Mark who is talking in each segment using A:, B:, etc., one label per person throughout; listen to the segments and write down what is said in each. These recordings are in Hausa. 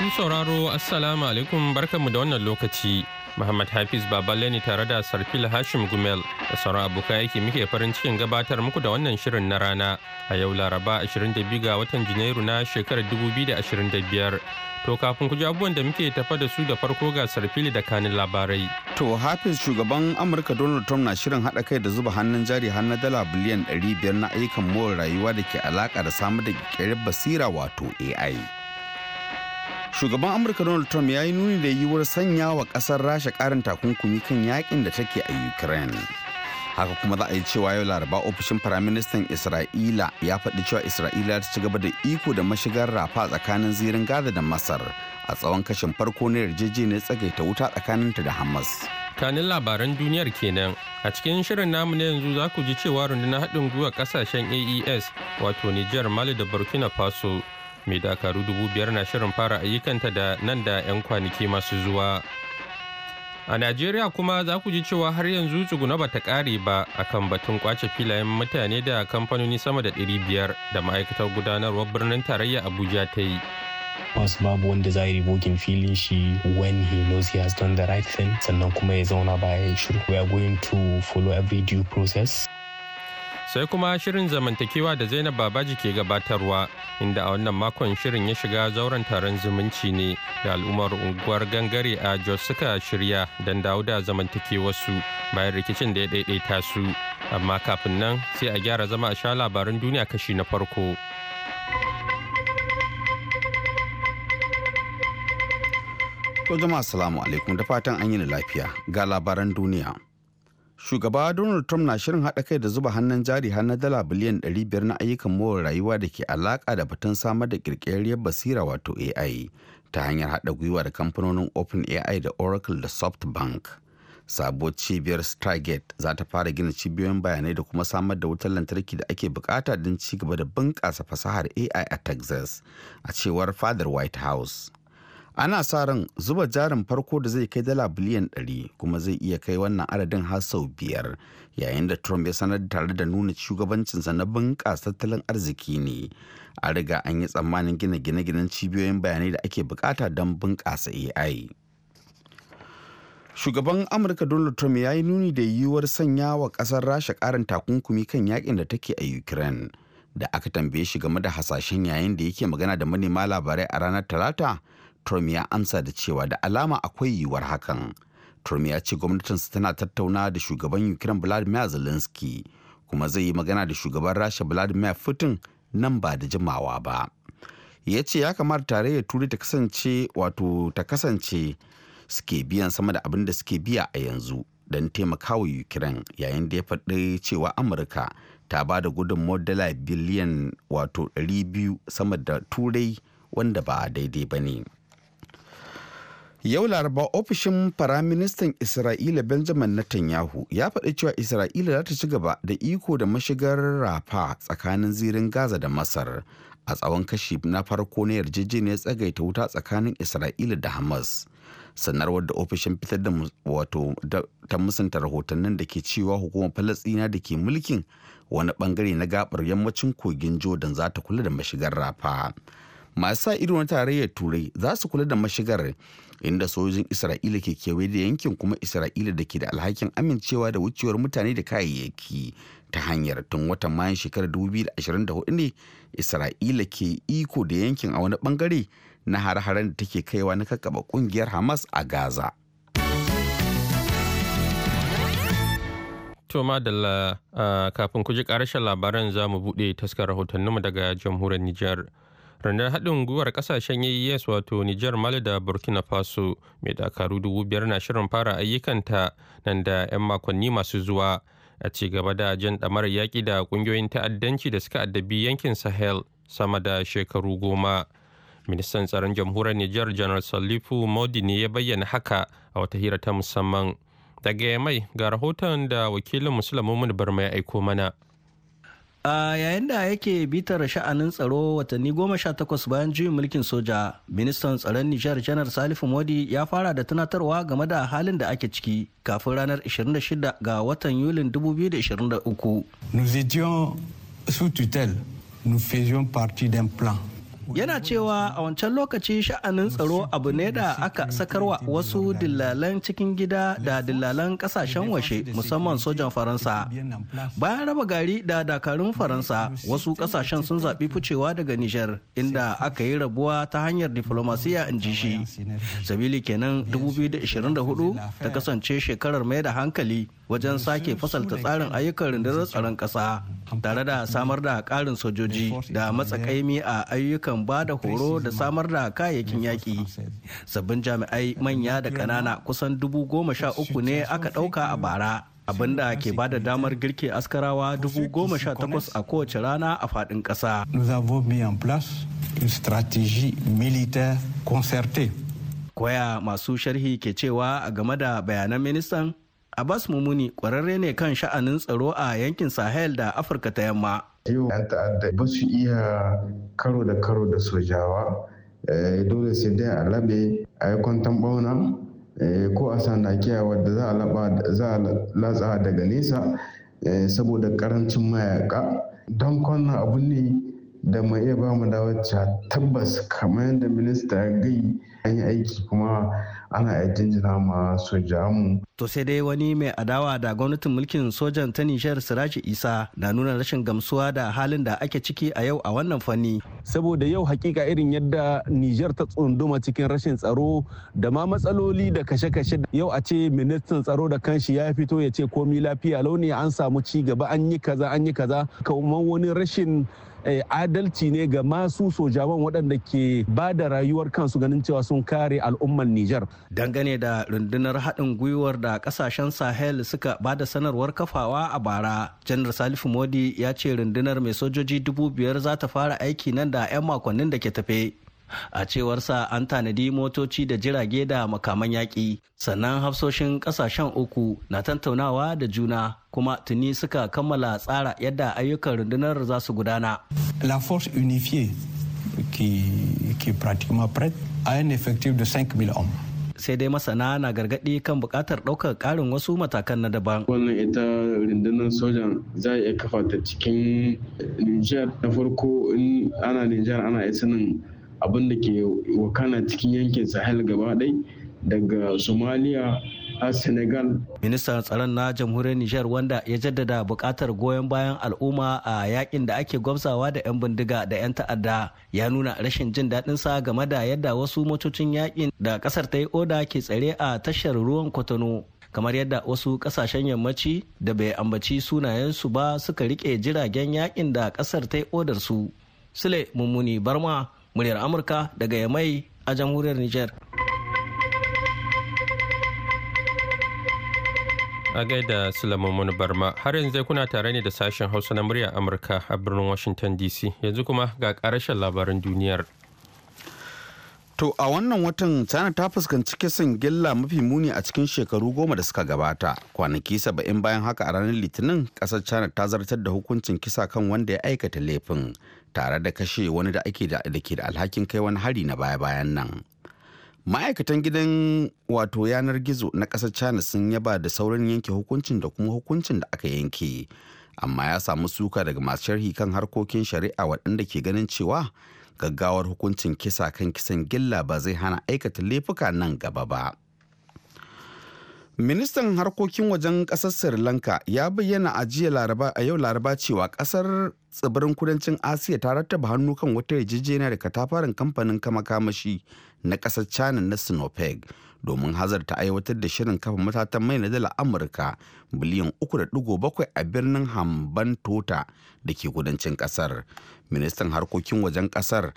A: masu sauraro assalamu alaikum barkanmu da wannan lokaci Muhammad Hafiz Baballe ne tare da Sarfil Hashim Gumel da sauran abokan aiki muke farin cikin gabatar muku da wannan shirin na rana a yau Laraba 22 ga watan Janairu na shekarar 2025. To kafin ku ji abubuwan da muke tafa da su da farko ga Sarfili da kanin labarai.
B: To Hafiz shugaban Amurka Donald Trump na shirin haɗa kai da zuba hannun jari har na dala biliyan 500 na ayyukan more rayuwa da ke alaƙa da samar da ƙirƙirar basira wato AI. shugaban amurka donald trump ya yi nuni da yiwuwar sanya wa kasar rasha karin takunkumi kan yakin da take a ukraine haka kuma za a yi cewa yau laraba ofishin firaministan isra'ila ya faɗi cewa isra'ila ta ci gaba da iko da mashigar rafa tsakanin zirin gaza da masar a tsawon kashin farko na yarjejeniyar tsagaita wuta tsakanin ta da hamas
A: kanin labaran duniyar kenan a cikin shirin namu na yanzu za ku ji cewa rundunar haɗin gwiwa ƙasashen aes wato niger mali da burkina faso mai dakaru dubu biyar na shirin fara ayyukanta da nan da 'yan kwanaki masu zuwa a najeriya kuma za ku ji cewa har yanzu tsuguna bata kare ba a kan batun kwace filayen mutane da kamfanoni sama da biyar da ma'aikatar gudanarwar birnin tarayya abuja ta yi
C: wasu babu wanda za yi ribogin filin shi when he knows he has done the right thing sannan kuma ya zauna ba ya shiru we are going to follow every due process
A: sai kuma shirin zamantakewa da zainab babaji ke gabatarwa inda a wannan makon shirin ya shiga zauren taron zumunci ne da al'ummar unguwar gangare a jos suka shirya don dawo da zamantakewarsu bayan rikicin da ya daidaita su amma kafin nan sai a gyara zama a sha labarin duniya kashi na farko
B: jama'a salamu alaikum da fatan an yi lafiya ga labaran duniya. shugaba donald trump na shirin haɗa kai da zuba hannun jari har na dala biliyan 500 na ayyukan more rayuwa da ke alaƙa da batun samar da ƙirƙirarriyar basira wato ai ta hanyar haɗa gwiwa da kamfanonin open ai da oracle da softbank sabo cibiyar stargate za ta fara gina cibiyoyin bayanai da kuma samar da wutar lantarki da ake bukata don ci gaba da bunƙasa fasahar ai a texas a cewar fadar white house ana sa ran zuba jarin farko da zai kai dala biliyan 100 kuma zai iya kai wannan adadin har sau biyar yayin da trump ya sanar tare da nuna shugabancinsa na bunƙasa tattalin arziki ne a riga an yi tsammanin gina gine-ginen cibiyoyin bayanai da ake bukata don bunƙasa ai shugaban amurka donald trump ya yi nuni da yiwuwar sanya wa ƙasar rasha ƙarin takunkumi kan yakin da take a ukraine da aka tambaye shi game da hasashen yayin da yake magana da manema labarai a ranar talata Trump ya amsa da cewa da alama akwai yiwuwar hakan. Trump ya ce gwamnatinsa tana tattauna da shugaban Ukraine Vladimir Zelensky kuma zai yi magana da shugaban Rasha Vladimir Putin nan ba da jimawa ba. Ya ce ya kamata ya turi ta kasance wato ta kasance suke biyan sama da abin da suke biya a yanzu don taimakawa Ukraine yayin da ya faɗi cewa Amurka ta ba da gudun dala biliyan wato 200 sama da Turai wanda ba daidai ba ne. Yau Laraba ofishin Firaministan Isra'ila Benjamin Netanyahu ya faɗi cewa Isra'ila za ta ci gaba da iko da mashigar rafa tsakanin zirin Gaza da Masar a tsawon kashi na farko na yarjejeniyar tsagaita wuta tsakanin Isra'ila da Hamas. Sanarwar da ofishin fitar da wato ta musanta rahotannin da ke cewa hukumar Falasɗina da ke mulkin wani bangare na gabar yammacin kogin Jordan za ta kula da mashigar rafa. masu sa ido na tarayyar turai za su kula da mashigar inda sojojin isra'ila ke kewaye da yankin kuma isra'ila da ke da alhakin amincewa da wucewar mutane da kayayyaki ta hanyar tun watan mayan shekarar 2024 ne isra'ila ke iko da yankin a wani bangare na har-haren da take kaiwa na kakaba kungiyar hamas a gaza
A: To madalla ah, kafin ku ji ƙarshen labaran za mu buɗe taskar rahotanninmu daga jamhuriyar Nijar. rundunar haɗin gwiwar ƙasashen yayyes wato nijar mali da burkina faso mai dakaru dubu biyar na shirin fara ayyukanta nan da 'yan makonni masu zuwa a ci gaba da jan ɗamarar yaƙi da ƙungiyoyin ta'addanci da suka addabi yankin sahel sama da shekaru goma ministan tsaron jamhuriyar nijar general salifu modi ne ya bayyana haka a wata hira ta musamman daga mai ga rahoton da wakilin musulmin barma ya aiko mana
D: a yayin da yake bitar sha'anin tsaro watanni goma sha takwas bayan juyin mulkin soja ministan tsaron nijar janar salifu modi ya fara da tunatarwa game da halin da ake ciki kafin ranar 26 ga watan yulin 2023
E: nous étions sous tutelle nous faisions partie d'un plan
D: yana cewa a wancan lokaci sha'anin tsaro abu ne da aka sakarwa wasu dillalan cikin gida da dillalan kasashen washe musamman sojan faransa bayan raba gari da dakarun faransa wasu kasashen sun zaɓi ficewa daga nijar inda aka yi rabuwa ta hanyar diflomasiya in ji shi sabili kenan 2024 ta kasance shekarar mai da hankali wajen sake fasalta tsarin ayyukan rundunar tsaron ƙasa tare da samar da ƙarin sojoji da matsakaimi a ayyukan ba da horo da samar da kayayyakin yaƙi sabbin jami'ai manya da ƙanana kusan dubu goma sha uku ne aka ɗauka a bara abinda ke ba da damar girke askarawa dubu goma sha takwas a kowace rana a faɗin ƙasa. Koya masu sharhi ke cewa a game da bayanan ministan a Abbas Mumuni kwararre ne kan sha'anin tsaro a yankin Sahel da Afirka ta yamma.
C: Yau 'yan ta'adda ba su iya karo da karo da
F: sojawa eh, dole sai dai a labe a yi kwantan bauna eh, ko a kiyawa wadda za a latsa daga nesa eh, saboda karancin mayaka don kwanan abu ne da mai iya ba mu wacce tabbas kamar yadda minista ya gai an yi aiki kuma ana iya jinjina ma sojamu.
D: To sai dai wani mai adawa da gwamnatin mulkin sojan ta Nijar Siraji Isa na nuna rashin gamsuwa da halin da ake ciki a yau a wannan fanni. Saboda yau hakika
E: irin yadda Nijar ta tsunduma cikin rashin tsaro da ma matsaloli da kashe-kashe yau a ce ministan tsaro da kanshi ya fito ya ce komi lafiya launi an samu ci gaba an yi kaza an yi kaza kamar wani rashin Eh, adalci ne ga masu sojawan waɗanda ke ba da rayuwar kansu ganin cewa sun kare al'ummar Nijar. Dangane da
D: rundunar haɗin gwiwar da ƙasashen Sahel suka ba da sanarwar kafawa a bara, Janar Salifu Modi ya ce rundunar mai sojoji dubu biyar za ta fara aiki nan da 'yan makonnin da ke tafe. a cewarsa an tanadi motoci da jirage da makaman yaƙi sannan hafsoshin ƙasashen uku na tattaunawa da juna kuma tuni suka kammala tsara yadda ayyukan rundunar za su gudana la force unifiée qui, qui pratiquement prête a un effectif de 5000 hommes sai dai masana na gargadi kan bukatar daukar karin wasu matakan na daban.
G: Wannan ita rundunar sojan
D: za
H: a iya kafa ta cikin niger na farko in ana niger ana iya abin da ke wakana cikin yankin sahel gaba ɗai daga somalia har senegal
D: ministan tsaron na jamhuriyar nijar wanda ya jaddada buƙatar goyon bayan al'umma a yakin da ake gwamsawa da 'yan bindiga da 'yan ta'adda ya nuna rashin jin daɗin sa game da yadda wasu motocin yakin da ƙasar ta yi oda ke tsare a tashar ruwan kwatano kamar yadda wasu kasashen yammaci da bai ambaci sunayensu ba suka rike jiragen yakin da ƙasar ta yi odar su sule mummuni barma muryar amurka daga yamai a jamhuriyar niger
A: a gaida sulamun barma har yanzu kuna tare ne da sashen hausa na murya amurka a birnin washington dc yanzu kuma ga karashen labaran duniyar
B: to a wannan watan china ta fuskanci kisan gilla mafi muni a cikin shekaru goma da suka gabata kwanaki saba'in bayan haka a ranar litinin kasar china ta zartar da hukuncin kisa kan wanda ya aikata laifin tare da kashe wani da ake da ke da alhakin kai wani hari na baya-bayan nan ma'aikatan gidan wato yanar gizo na ƙasar china sun yaba da sauran yanke hukuncin da kuma hukuncin da aka yanke amma ya samu suka daga masu sharhi kan harkokin shari'a waɗanda ke ganin cewa gaggawar hukuncin kisa kan kisan gilla ba zai hana aikata laifuka nan gaba ba ministan harkokin wajen ƙasar sri lanka ya bayyana a jiya a yau laraba cewa ƙasar tsibirin kudancin asiya ta rattaba hannu kan wata yarjejeniya da katafaren kamfanin kama kamashi na ƙasar china na sinopec domin hazarta aiwatar da shirin kafa matatan mai na dala amurka biliyan 3.7 a birnin hamban tota da ke kudancin ƙasar. ministan harkokin wajen ƙasar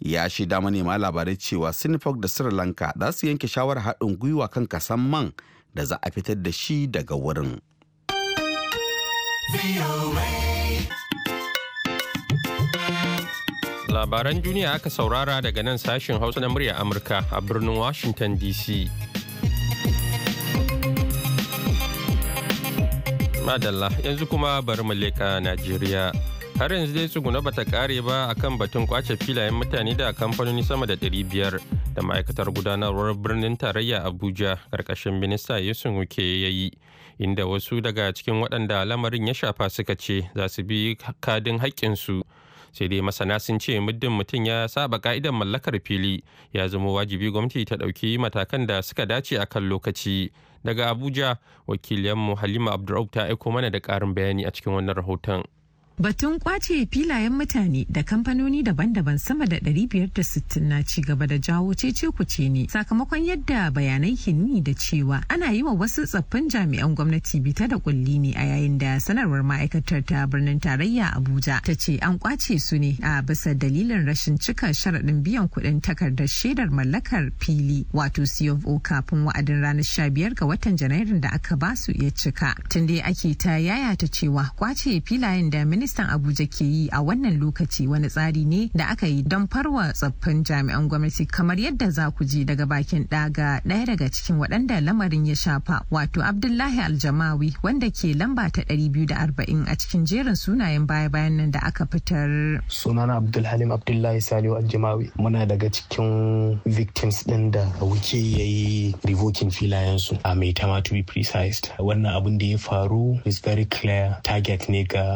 B: ya shaida manema labarai cewa sinopec da sri lanka za su yanke shawarar haɗin gwiwa kan kasan man da za a fitar da shi daga wurin.
A: Labaran duniya aka saurara daga nan sashen Hausa na murya Amurka a birnin Washington DC. Madalla yanzu kuma bari mu leƙa Najeriya. har yanzu dai tsuguna bata kare ba akan batun kwace filayen mutane da kamfanoni sama da 500 da ma'aikatar gudanarwar birnin tarayya abuja karkashin minista yusuf wuke ya yi inda wasu daga cikin waɗanda lamarin ya shafa suka ce za su bi kadin haƙƙinsu sai dai masana sun ce muddin mutum ya saba ka'idar mallakar fili ya zama wajibi gwamnati ta ɗauki matakan da suka dace akan lokaci daga abuja wakiliyanmu halima abdurraub ta aiko mana da ƙarin bayani a cikin wannan rahoton
I: Batun kwace filayen mutane da kamfanoni daban-daban sama da 560 na ci gaba da jawo cece ce ne sakamakon yadda bayanai ke nuni da cewa ana yi wa wasu tsaffin jami'an gwamnati bita da kulli ne a yayin da sanarwar ma'aikatar ta birnin tarayya Abuja ta ce an kwace su ne a bisa dalilin rashin cika sharaɗin biyan kuɗin takardar shaidar mallakar fili wato CFO kafin wa'adin ranar biyar ga watan Janairun da aka ba su ya cika. Tun dai ake ta yaya ta cewa kwace filayen da ministan abuja ke yi a wannan lokaci wani tsari ne da aka yi don farwa tsaffin jami'an gwamnati kamar yadda za ku ji daga bakin daga ɗaya daga cikin waɗanda lamarin ya shafa wato abdullahi aljamawi wanda ke lamba ta ɗari biyu da arba'in a cikin jerin sunayen baya-bayan nan da aka fitar sunana
C: abdulhalim abdullahi saliu aljamawi muna daga cikin victims ɗin da wuke ya yi revoking filayensu a mai tama to be precise wannan abin da ya faru is very clear target ne ga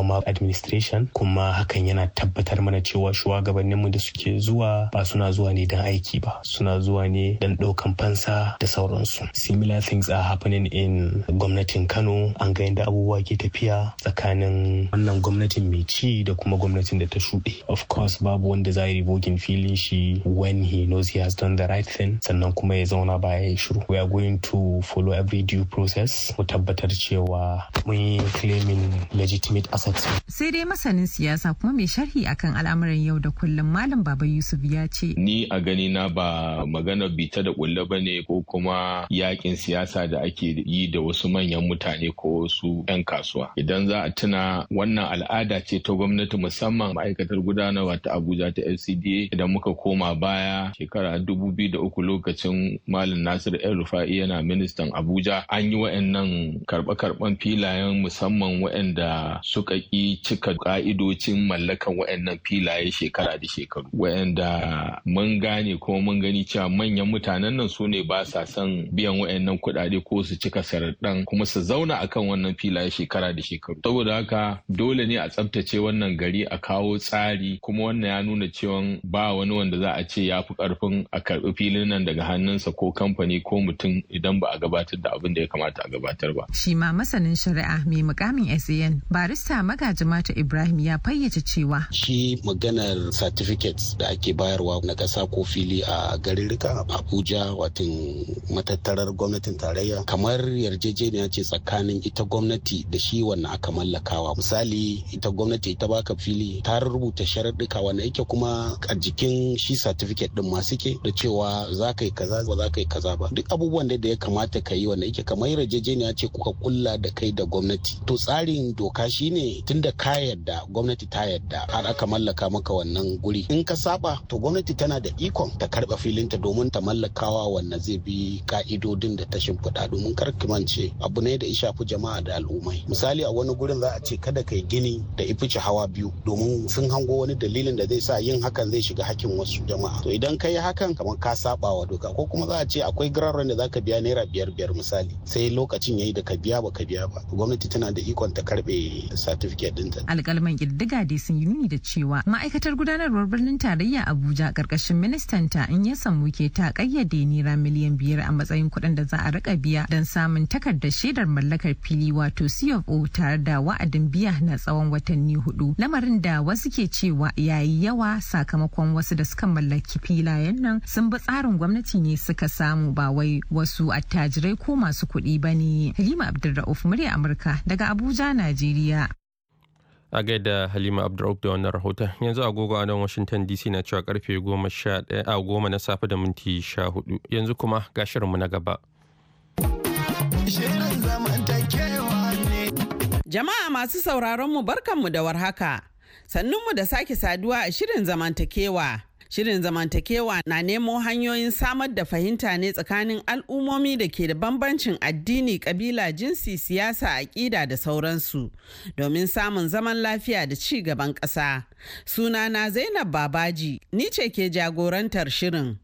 C: former administration kuma hakan yana tabbatar mana cewa shugabanninmu da suke zuwa ba suna zuwa ne don aiki ba suna zuwa ne don ɗaukan fansa da sauransu similar things are happening in gwamnatin kano an ga yadda abubuwa ke tafiya tsakanin wannan gwamnatin mai ci da kuma gwamnatin da ta shuɗe of course babu wanda za yi ribogin filin shi when he knows he has done the right thing sannan kuma ya zauna ba ya yi shiru we are going to follow every due process mu tabbatar cewa mun yi claiming
G: legitimate asset
I: Sai dai masanin siyasa kuma mai sharhi akan al'amuran yau da kullum Malam Baba Yusuf ya ce.
G: Ni a gani na ba magana bita da kulle ba ne ko kuma yakin siyasa da ake yi da wasu manyan mutane ko wasu 'yan kasuwa. Idan za a tuna wannan al'ada ce ta gwamnati musamman ma'aikatar gudanarwa ta Abuja ta FCDA idan muka koma baya shekara dubu biyu da uku lokacin Malam Nasir El Rufa'i yana ministan Abuja an yi wa'annan karɓe-karɓen filayen musamman wa'anda suka i cika ka'idocin mallakan wayannan filaye shekara da shekaru waɗanda mun gane kuma mun gani cewa manyan mutanen nan su ne ba sa son biyan wayannan kuɗaɗe ko su cika sararɗan kuma su zauna akan wannan filaye shekara da shekaru saboda haka dole ne a tsaftace wannan gari a kawo tsari kuma wannan ya nuna cewa ba wani wanda za a ce ya fi ƙarfin a karɓi filin nan daga hannunsa ko kamfani ko mutum idan ba a gabatar da abin da ya kamata a gabatar ba.
I: Shi ma masanin shari'a mai mukamin SAN barista Farfesa Magajimata Ibrahim ya fayyace cewa.
G: Shi maganar certificates da
H: ake bayarwa na ƙasa ko fili a garirrika Abuja watan matattarar gwamnatin tarayya kamar yarjejeniya ce tsakanin ita gwamnati da shi wannan aka mallakawa. Misali ita gwamnati ita baka fili ta rubuta sharaɗuka wanda yake kuma a jikin shi certificate din masu suke da cewa za ka yi kaza ba za ka yi kaza ba. Duk abubuwan da ya kamata ka yi wanda yake kamar yarjejeniya ce kuka kulla da kai da gwamnati. To tsarin doka shine Tun da ka yadda gwamnati ta yadda har aka mallaka maka wannan guri in ka saba to gwamnati tana da ikon ta karba filinta domin ta mallakawa wanda zai bi ka'idodin da ta shimfiɗa domin karkimance abu ne da ya shafi jama'a da al'ummai misali a wani gurin za a ce kada kai gini da ifici hawa biyu domin sun hango wani dalilin da zai sa yin hakan zai shiga hakkin wasu jama'a to idan ka yi hakan kamar ka saba wa doka ko kuma za a ce akwai giraran da ka biya naira biyar biyar misali sai lokacin yayi da ka biya ba ka biya ba gwamnati tana da ikon ta karbe certificate ɗinta.
I: Alƙalman ƙididdiga dai sun yi nuni da cewa ma'aikatar gudanarwar birnin tarayya Abuja ƙarƙashin ministan ta in ya samu ke ta ƙayyade naira miliyan biyar a matsayin kuɗin da za a rika biya don samun takardar shaidar mallakar fili wato CFO tare da wa'adin biya na tsawon watanni hudu. Lamarin da wasu ke cewa yayi yawa sakamakon wasu da suka mallaki filayen nan sun bi tsarin gwamnati ne suka samu ba wai wasu attajirai ko masu kuɗi ba ne. Halima Abdulra'uf murya Amurka daga Abuja, Najeriya.
A: a gaida halima abdurraub da wannan rahoton yanzu agogo a nan washington dc na cewa karfe 10 goma na safe da minti 14 yanzu kuma gashirinmu na gaba
J: jama'a masu sauraron mu barkanmu da warhaka sannunmu da sake saduwa a shirin zamantakewa Shirin zamantakewa na nemo hanyoyin samar da fahimta ne tsakanin al'ummomi da ke da bambancin addini, kabila, jinsi, siyasa, aƙida da sauransu domin samun zaman lafiya da ci gaban ƙasa. Sunana Zainab Babaji, ni ce ke jagorantar shirin.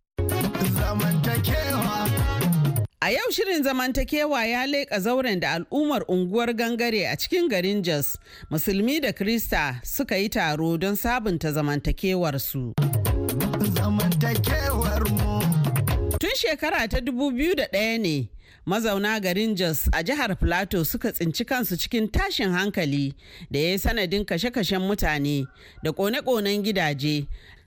J: A yau shirin zamantakewa ya leƙa zauren da al'ummar unguwar gangare a cikin garin Jos, Musulmi da Krista suka yi taro don sabunta zamantakewarsu. Tun shekara ta dubu biyu da ɗaya ne mazauna garin Jos a jihar Plateau suka tsinci kansu cikin tashin hankali da ya yi sanadin kashe-kashen mutane da kone-konen gidaje.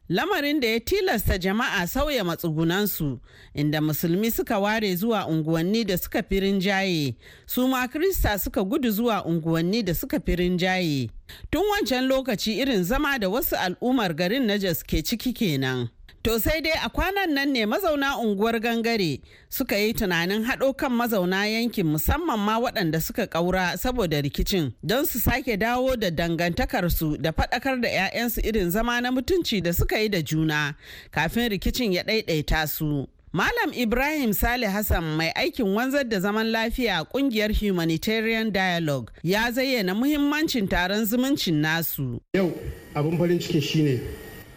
J: Lamarin da ya tilasta jama'a sauya matsugunansu inda musulmi suka ware zuwa unguwanni da suka firin jaye, su ma Krista suka gudu zuwa unguwanni da suka firin jaye, Tun wancan lokaci irin zama da wasu al'ummar garin na ke ciki kenan. To sai dai a kwanan nan ne mazauna unguwar gangare suka yi tunanin haɗo kan mazauna yankin musamman ma waɗanda suka ƙaura saboda rikicin don su sake dawo da dangantakarsu da faɗakar da 'ya'yansu irin zama na mutunci da suka yi da juna kafin rikicin ya ɗaiɗaita su. Malam Ibrahim Sale Hassan mai aikin wanzar da zaman lafiya a kungiyar Humanitarian Dialogue ya zayyana muhimmancin
F: taron zumuncin nasu. Yau abin farin ciki shine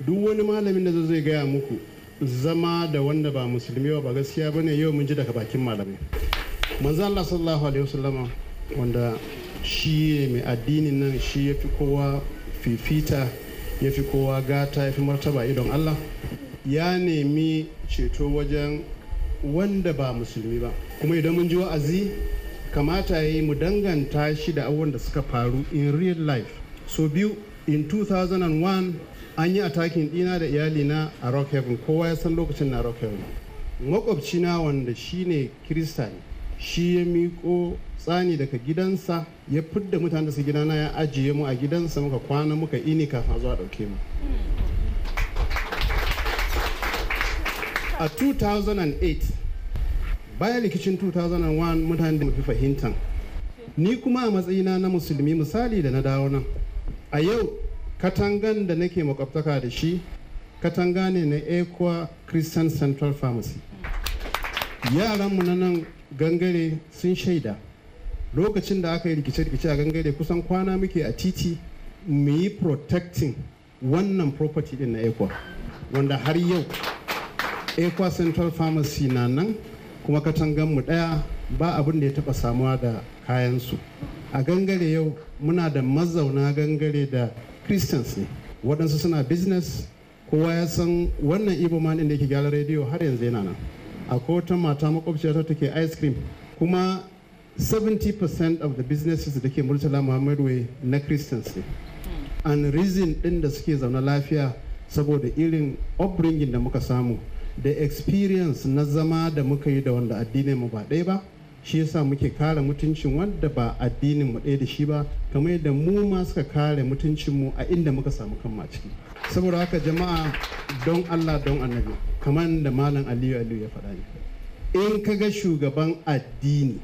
F: duk wani malamin da zai gaya muku zama da wanda ba musulmi ba gaskiya ba ne yau mun ji daga bakin malamai manzo Allah sallallahu alaihi wasallama wanda shi mai addinin nan shi ya fi kowa fifita ya fi kowa gata ya fi martaba idon Allah ya nemi ceto wajen wanda ba musulmi ba kuma idan mun ji wa'azi kamata ya yi mu danganta shi da abubuwan da suka faru in real life so biyu in 2001 an yi atakin dina da iyalina a rock heaven kowa ya san lokacin na rock heaven makwabcina wanda shine kirista ne shi ya miko tsani daga gidansa ya fidda mutane da su na ya ajiye mu a gidansa muka kwana muka ini kafin zuwa ɗauke mu a 2008 bayan rikicin 2001 mutane da mafi fahimtan ni kuma a matsayina na musulmi misali da na dawo nan a yau katangan da nake makwabtaka da shi katanga ne na equa christian central pharmacy yaranmu na nan gangare sun shaida lokacin da aka yi rikice-rikice a gangare kusan kwana muke a titi mu yi protecting wannan property din na equa wanda har yau equa central pharmacy na nan kuma katangan mu ɗaya ba abin da ya taɓa samuwa da kayansu a gangare yau muna da mazauna gangare da christians ne waɗansu suna business kowa ya san wannan ibo man ɗin da yake gyara rediyo har yanzu yana nan akwai wata mata makwabciyata take ice cream kuma 70% of the businesses da ke murtala Muhammadu na christians ne and reason ɗin da suke zaune lafiya saboda irin upbringing da muka samu da experience na zama da muka yi da wanda addinin mu ba ɗaya ba shi yasa muke kare mutuncin wanda ba addinin mu ɗaya da shi ba kamar yadda mu ma suka kare mutuncin mu a inda muka samu kan ma ciki saboda haka jama'a don Allah don annabi kamar da malam Aliyu Aliyu ya faɗa ne in ka ga shugaban addini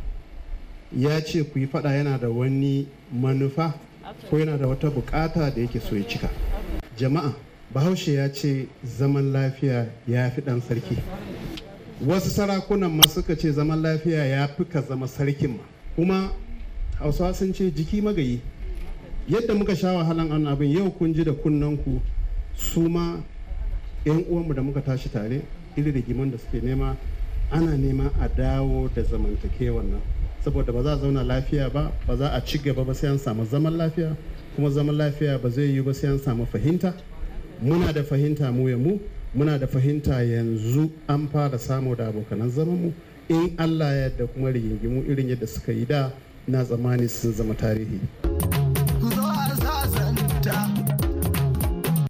F: ya ce ku yi faɗa yana da wani manufa ko yana da wata bukata da yake so ya cika jama'a bahaushe ya ce zaman lafiya ya fi ɗan sarki wasu sarakunan ma suka ce zaman lafiya ya fi ka zama sarkin ma kuma hausawa sun ce jiki magayi yadda muka sha wahalan an abin yau kun ji da kunnanku su ma 'yan uwanmu da muka tashi tare iri da giman da suke nema ana nema a dawo da zamantakewan nan saboda ba za a zauna lafiya ba ba za a ci gaba ba sai an samu zaman lafiya kuma zaman lafiya ba zai yi ba sai an samu fahimta muna da fahimta mu ya mu muna da fahimta yanzu an fara samu da abokanan zamanmu in allah ya yadda kuma rigingimu irin yadda suka yi da na zamani sun zama tarihi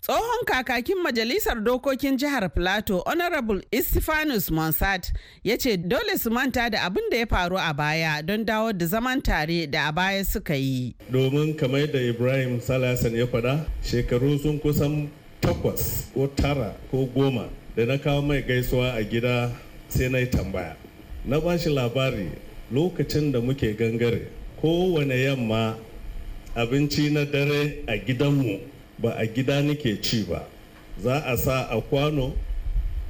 J: Tsohon kakakin Majalisar Dokokin Jihar plato Honorable Istifanus Monsat, ya ce dole su manta da abin da ya faru a baya don dawo da zaman tare da a baya suka yi.
E: Domin kamar da Ibrahim Salasan ya fada shekaru sun kusan takwas ko tara ko goma da na kawo mai gaisuwa a gida sai na yi tambaya na ba shi labari lokacin da muke gangare kowane yamma abinci na dare a gidanmu ba a gida nake ci ba za a sa a kwano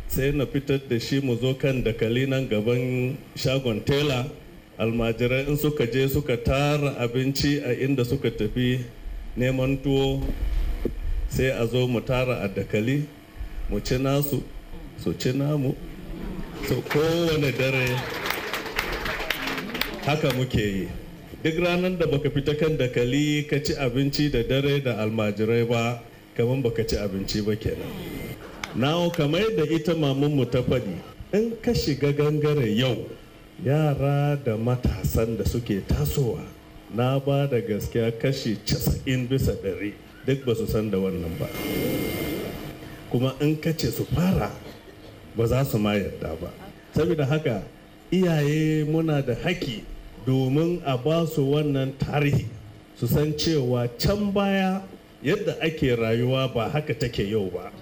E: sai na fitar da shi mu zo kan dakali nan gaban shagon tela almajirai in suka je suka tara abinci a inda suka tafi neman tuwo sai a zo mu tara a dakali mu ci nasu su ci namu su kowane dare haka muke yi duk ranar da baka fita kan dakali ka ci abinci da dare da almajirai ba kamar baka ci abinci ba kenan nawo kamar yadda ita mamanmu ta faɗi in ka shiga gangare yau yara da matasan da suke tasowa na ba da gaskiya kashi 90 bisa ɗari. duk ba su san da wannan ba kuma in ka ce su fara ba za su ma yarda ba saboda haka iyaye muna da haki domin a ba su wannan tarihi su san cewa can baya yadda ake rayuwa ba haka take yau ba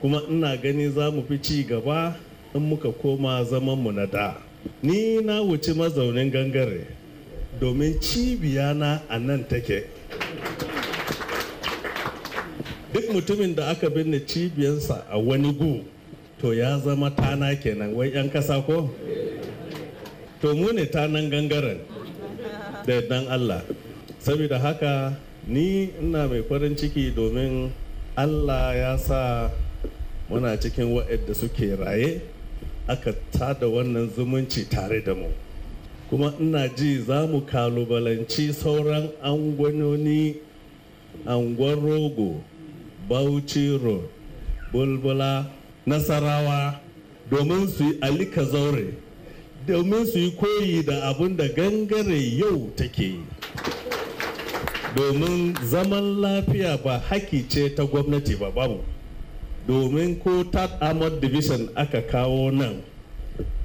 E: kuma ina gani za mu fi ci gaba in muka koma zaman mu na da ni na wuce mazaunin gangare domin cibiya na a nan take duk mutumin da aka binne cibiyansa a wani gu to ya zama tana kenan wai 'yan kasa ko to mu ne tanan gangaren da dan allah saboda haka ni ina mai farin ciki domin allah ya sa muna cikin da suke raye aka tada wannan zumunci tare da mu kuma ina ji za mu kalubalanci sauran angononi angon rogo bauchi road bulbula nasarawa domin su yi alika zaure domin su yi koyi da abun da gangare yau take yi domin zaman lafiya ba haki ce ta gwamnati ba babu domin ko tat armored division aka kawo nan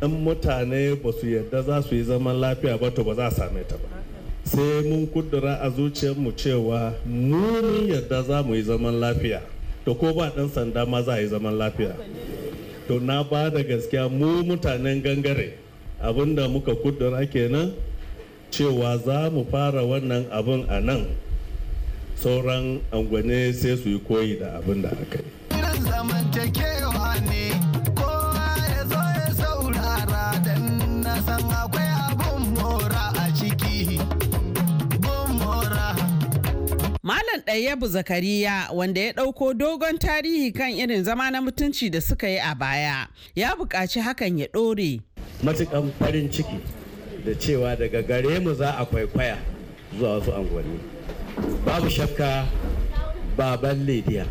E: in mutane ba su yarda za su yi zaman lafiya ba to ba za a same ta ba sai mun kudira a zuciyar mu cewa mun yadda za mu yi zaman lafiya to ko ba ɗan sanda ma za a yi zaman lafiya to na ba da gaskiya mu mutanen gangare abinda muka kudira kenan cewa za mu fara wannan abin a nan sauran angwane sai su yi koyi da abin da aka yi.
J: Ɗayyabu Zakariya wanda ya ɗauko dogon tarihi kan irin zama na mutunci da suka yi a baya.
K: Ya buƙaci hakan ya ɗore. Matuƙan farin ciki da cewa daga gare mu za a kwaikwaya zuwa wasu angwani. Babu shakka baban Lidiya.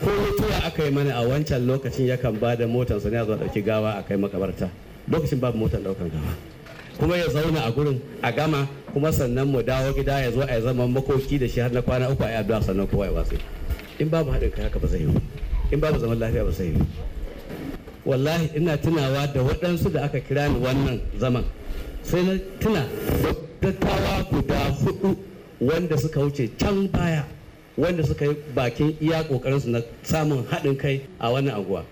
K: Ko mutuwa aka yi mana a wancan lokacin yakan ba da motansa ne a zuwa ɗauki gawa a kai makabarta. Lokacin babu motan ɗaukan gawa. Kuma ya zauna a gurin a gama kuma sannan mu dawo gida ya zo a zaman makoki da shi har na kwana uku a yi addu'a sannan kowa ya wasu in babu haɗin kai haka ba zai yi in babu zaman lafiya ba zai yi wallahi ina tunawa da waɗansu da aka kira ni wannan zaman sai na tuna dattawa guda hudu wanda suka wuce can baya wanda suka yi bakin iya kokarinsu na samun haɗin kai a wannan anguwa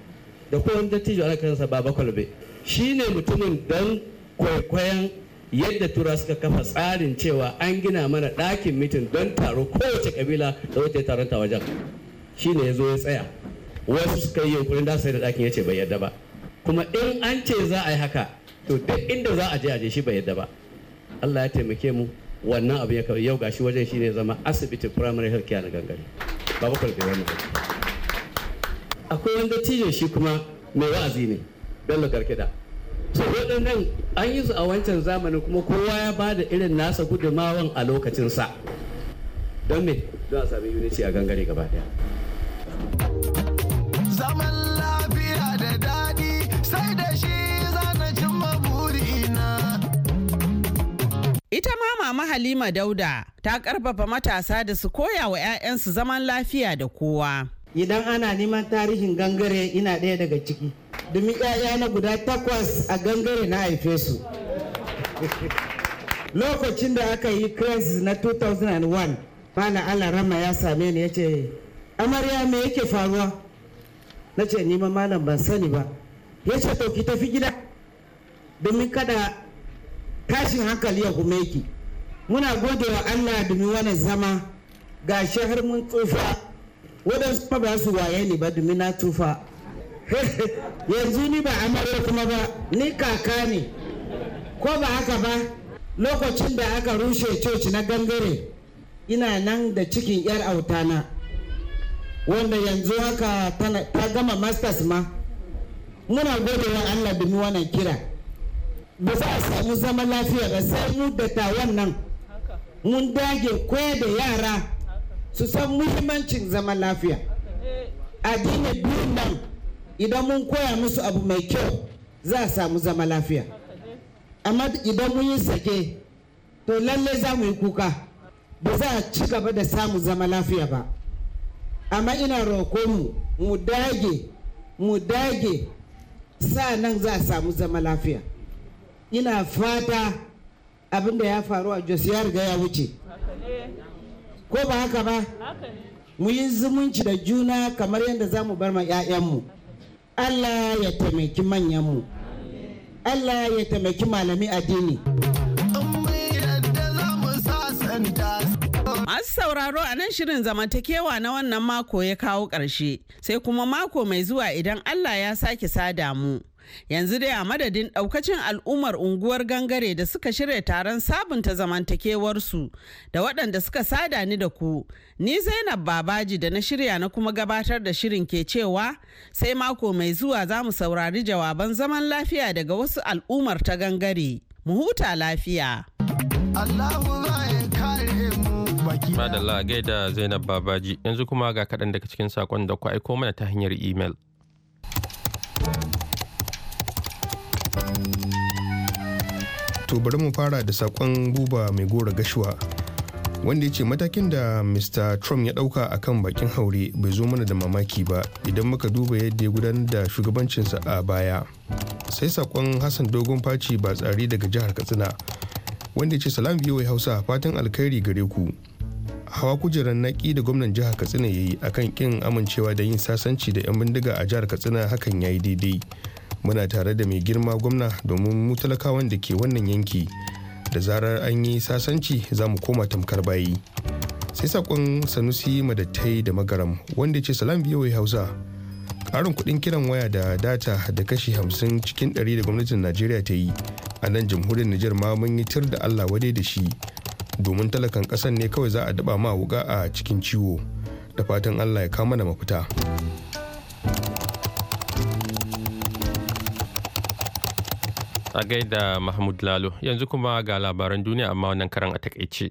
K: da kowane dattijo ana kiransa baba kwalbe shi ne mutumin dan kwaikwayon yadda tura suka kafa tsarin cewa an gina mana ɗakin mitin don taro kowace kabila da wata taron ta wajen shi ne ya zo ya tsaya wasu suka yi yunkurin da sai da ɗakin ya ce bai yadda ba kuma in an ce za a yi haka to duk inda za a je a je shi bai yadda ba Allah ya taimake mu wannan abu ya kawai yau gashi wajen shi ne zama asibitin primary health care na gangare ba kwalbe wannan akwai wanda tijin shi kuma mai wa'azi ne bello garkeda so waɗannan an yi su a wancan zamanin kuma kowa ya ba da irin nasa gudunmawan a lokacinsa don me don a sami unity a gangare gaba daya zaman lafiya da daɗi sai da shi
J: ita ma mama halima dauda ta karfafa matasa da su koya wa 'ya'yansu zaman lafiya da kowa idan ana neman tarihin gangare ina ɗaya daga ciki domin ‘ya'ya na guda takwas a gangare na haife su.
L: Lokacin da aka yi crisis na 2001, bana Allah Rama ya same ni ya ce, Amarya me yake faruwa? Na ce, ni ma malam ban sani ba. Ya ce, to ki tafi gida, domin kada tashin hankali ya kuma yake. Muna gode wa Allah domin wani zama, gashi har mun tsufa, waɗansu ba su waye ni ba domin na tsufa. yanzu ni ba amarya kuma ba ni kaka ne ko ba haka ba lokacin da aka rushe coci na gangare ina nan da cikin yar autana wanda yanzu haka ta gama masters ma muna gode wa allah domin wannan kira ba za a samu zama lafiya ba sai mu da ta nan mun dage koya da yara su san muhimmancin zaman lafiya addinin biyun nan idan mun koya musu abu mai kyau za a samu zama lafiya amma idan mun yi sake to lalle za mu yi kuka ba za a ci gaba da samu zama lafiya ba amma ina roko mu mu dage mu dage nan za a samu zama lafiya ina fata abin da ya faru a jos ya riga ya wuce ko ba haka ba mu yi zumunci da juna kamar yadda za mu bar ma 'ya'yanmu Allah ya taimaki manyanmu Allah ya taimaki malami addini.
C: Amma yadda za mu sasanta.
J: Masu sauraro a nan shirin zamantakewa na wannan mako ya kawo ƙarshe, sai kuma mako mai zuwa idan Allah ya sake sada mu. Yanzu dai a madadin ɗaukacin al'ummar unguwar gangare da suka shirya taron sabunta zamantakewarsu da waɗanda suka sada ni da ku, ni Zainab Babaji da na shirya na kuma gabatar da shirin ke cewa sai mako mai zuwa za mu saurari jawaban zaman lafiya daga wasu al'ummar ta gangare. Mu huta lafiya.
A: da madalla gaida zainab babaji yanzu kuma ga kaɗan daga cikin sakon da ku aiko mana ta hanyar imel
C: to bari mu fara da sakon buba mai gora gashuwa wanda ya ce matakin da mr trump ya ɗauka a kan bakin haure bai zo mana da mamaki ba idan muka duba yadda ya gudanar da shugabancinsa a baya sai saƙon hassan dogon faci ba tsari daga jihar katsina wanda ya ce salam biyoyi hausa fatan alkhairi gare ku hawa kujerar naki da gwamnan jihar katsina ya yi akan kin amincewa da yin sasanci da 'yan bindiga a jihar katsina hakan ya yi daidai muna tare da mai girma gwamna domin mu talakawan da ke wannan yanki da zarar an yi sasanci za mu koma tamkar bayi sai sakon sanusi madattai da magaram wanda ce salam biyoyi hausa Ƙarin kuɗin kiran waya da data da kashi 50 cikin 100 da gwamnatin najeriya ta yi a nan jamhuriyar nijar ma mun yi tir da allah wade da shi domin talakan kasan ne kawai za a daba ma wuƙa a cikin ciwo da fatan allah ya kama da mafita
A: a gaida mahmud lalo yanzu kuma ga labaran duniya amma wannan karan a takaice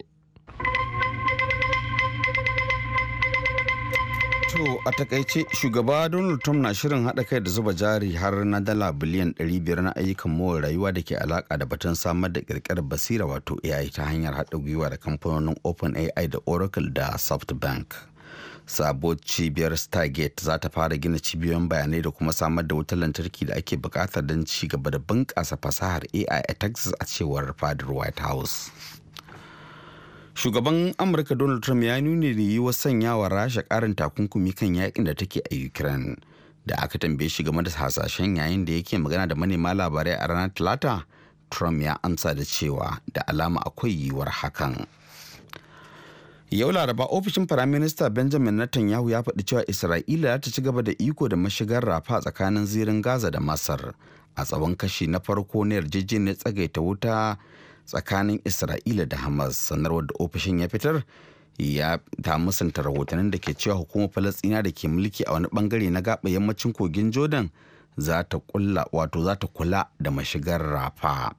B: To a takaice shugaba Donald Trump na shirin haɗa kai da zuba jari har na dala biliyan 500 na ayyukan more rayuwa da ke alaƙa da batun samar da ƙirƙirar basira wato AI ta hanyar haɗa gwiwa da kamfanonin open ai da Oracle da SoftBank. Sabo cibiyar Stargate za ta fara gina cibiyoyin bayanai da kuma samar da wutar lantarki da ake bukatar don ci gaba da bunƙasa fasahar AI a Texas a cewar fadar White House. shugaban amurka donald trump ya nuna da yiwuwar sanyawa rasha karin takunkumi kan yakin da take a ukraine da aka tambaye shi game da hasashen yayin da yake magana da manema labarai a ranar talata trump ya amsa da cewa da alama akwai yiwuwar hakan yau laraba ofishin firaminista benjamin netanyahu ya faɗi cewa isra'ila ta ci gaba da iko da mashigar rafa tsakanin zirin gaza da masar a tsawon kashi na farko na yarjejeniyar tsagaita wuta tsakanin isra'ila da hamas sanarwar da ofishin ya fitar ya ta musanta rahotannin da ke cewa hukumar falastina da ke mulki a wani bangare na gaba yammacin kogin jordan za ta kula wato za ta kula da mashigar rafa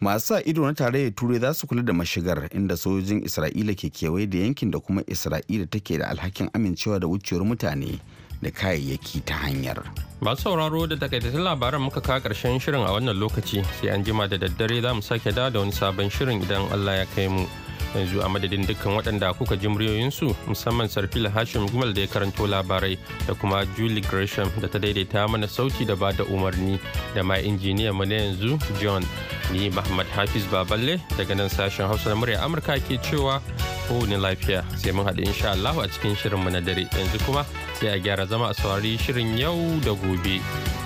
B: masu sa ido na tarayyar turai za su kula da mashigar inda sojojin isra'ila ke kewaye da yankin da kuma isra'ila take da alhakin amincewa da wucewar mutane da kayayyaki ta hanyar.
A: Masu sauraro da takaitattun labaran muka kawo ƙarshen shirin a wannan lokaci sai an jima da daddare za mu sake da wani sabon shirin idan Allah ya kai mu. yanzu a madadin dukkan waɗanda kuka ji muryoyinsu musamman sarfil hashim gumal da ya karanto labarai da kuma julie gresham da ta daidaita mana sauti da ba da umarni da ma injiniya mu na yanzu john ni muhammad hafiz baballe daga nan sashen hausa na murya amurka ke cewa ko ni lafiya sai mun haɗu insha allahu a cikin shirin mu na dare yanzu kuma sai a gyara zama a saurari shirin yau da gobe.